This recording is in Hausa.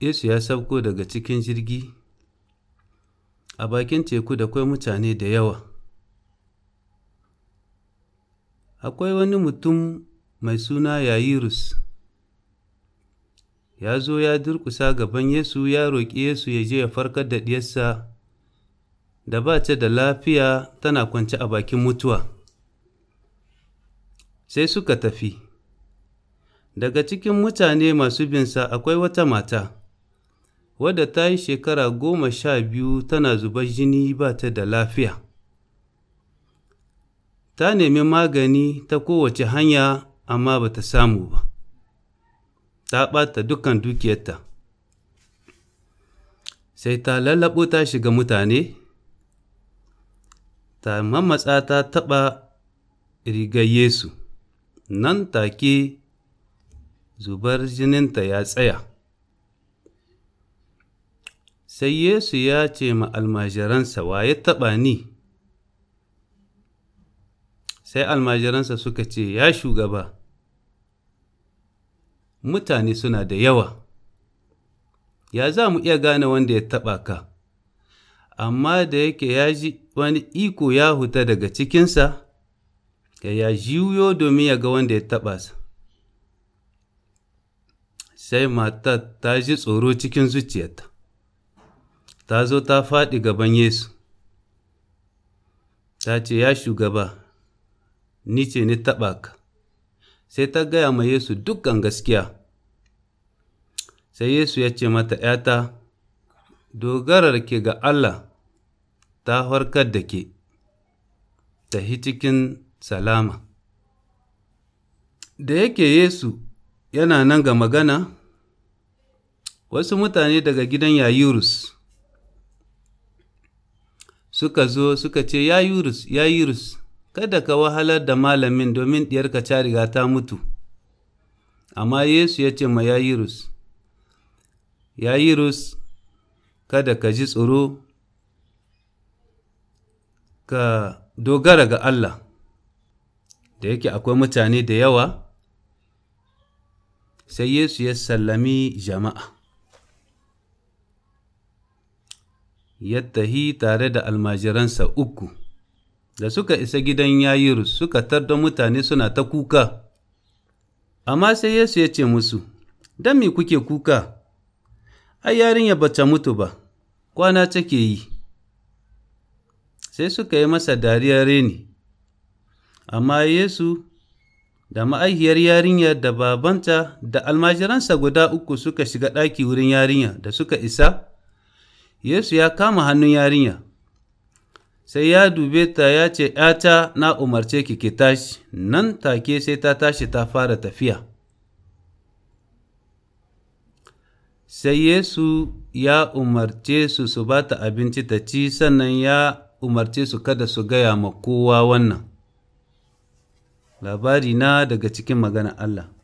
Yesu ya sauko daga cikin jirgi, a bakin teku da kwai mutane da yawa. Akwai wani mutum mai suna Yayirus, ya zo ya durƙusa gaban Yesu ya roƙi Yesu ya je ya farkar da ɗiyarsa da ba ta da lafiya tana kwance a bakin mutuwa. Sai suka tafi, daga cikin mutane masu binsa akwai wata mata. wadda ta yi shekara goma sha biyu tana zubar jini ba ta da lafiya. Ta nemi magani ta kowace hanya amma ba ta samu ba, ta ɓata dukkan dukiyarta. Sai ta lallaɓo ta shiga mutane, ta mamatsa ta taɓa rigar Yesu, nan take zubar jininta ya tsaya. sai Yesu ya ce ma almajiransa, Wa ya taɓa ni? Sai almajiransa suka ce, Ya shugaba, mutane suna da yawa, ya za mu iya gane wanda ya taɓa ka, amma da yake ya ji wani iko ya huta daga cikinsa, ya juyo domin ya ga wanda ya taɓa sa. Sai matar ta ji tsoro cikin zuciyarta. ta zo ta faɗi gaban Yesu, ta ce, Ya shugaba, ni ce ni taɓa ka, sai ta gaya ma Yesu dukkan gaskiya. Sai Yesu ya ce mata, ‘yata, dogarar ke ga Allah ta harkar da ke, tahi cikin salama. Da yake Yesu yana nan ga magana, wasu mutane daga gidan Yayurus. suka zo suka ce, Ya Yurus, ya Yurus, kada ka wahalar da malamin domin ɗiyarka ta riga ta mutu. Amma Yesu ya ce ma ya Yurus, Ya Yurus, kada ka ji tsoro, ka dogara ga Allah, da yake akwai mutane da yawa, sai Yesu ya sallami jama'a. ya tahi tare da almajiransa uku, da suka isa gidan yayiru suka tarda mutane suna ta kuka. Amma sai Yesu ya ce musu, Don me kuke kuka, ai yarinya ba ta mutu ba, kwana take yi. Sai suka yi masa dariya reni, amma Yesu da ma'aihiyar yarinyar da babanta da almajiransa guda uku suka shiga ɗaki wurin yarinya da suka isa, Yesu ya kama hannun yarinya, sai ya dube ta ya ce, ‘yata na umarce ki ki tashi, nan take sai ta tashi ta fara tafiya. Sai Yesu ya umarce su su ba ta abinci ta ci, sannan ya umarce su kada su gaya ma kowa wannan. Labari na daga cikin magana Allah.